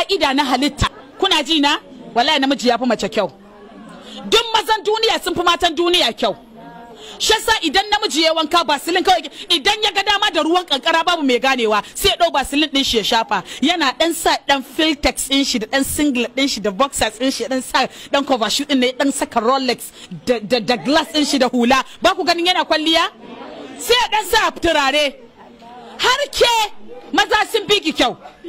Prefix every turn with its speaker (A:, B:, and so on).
A: ka'ida na halitta kuna ji na wallahi namiji ya fi mace kyau duk mazan duniya sun fi matan duniya kyau shasa idan namiji ya wanka basilin kawai idan ya ga dama da ruwan kankara babu mai ganewa sai ɗau basilin din shi ya shafa yana dan sa dan filtex din shi da dan singlet din shi da boxers din shi dan sa dan cover shoe din ne dan saka rolex da da glass din shi da hula ba ku ganin yana kwalliya sai dan sa turare har ke maza sun bi ki kyau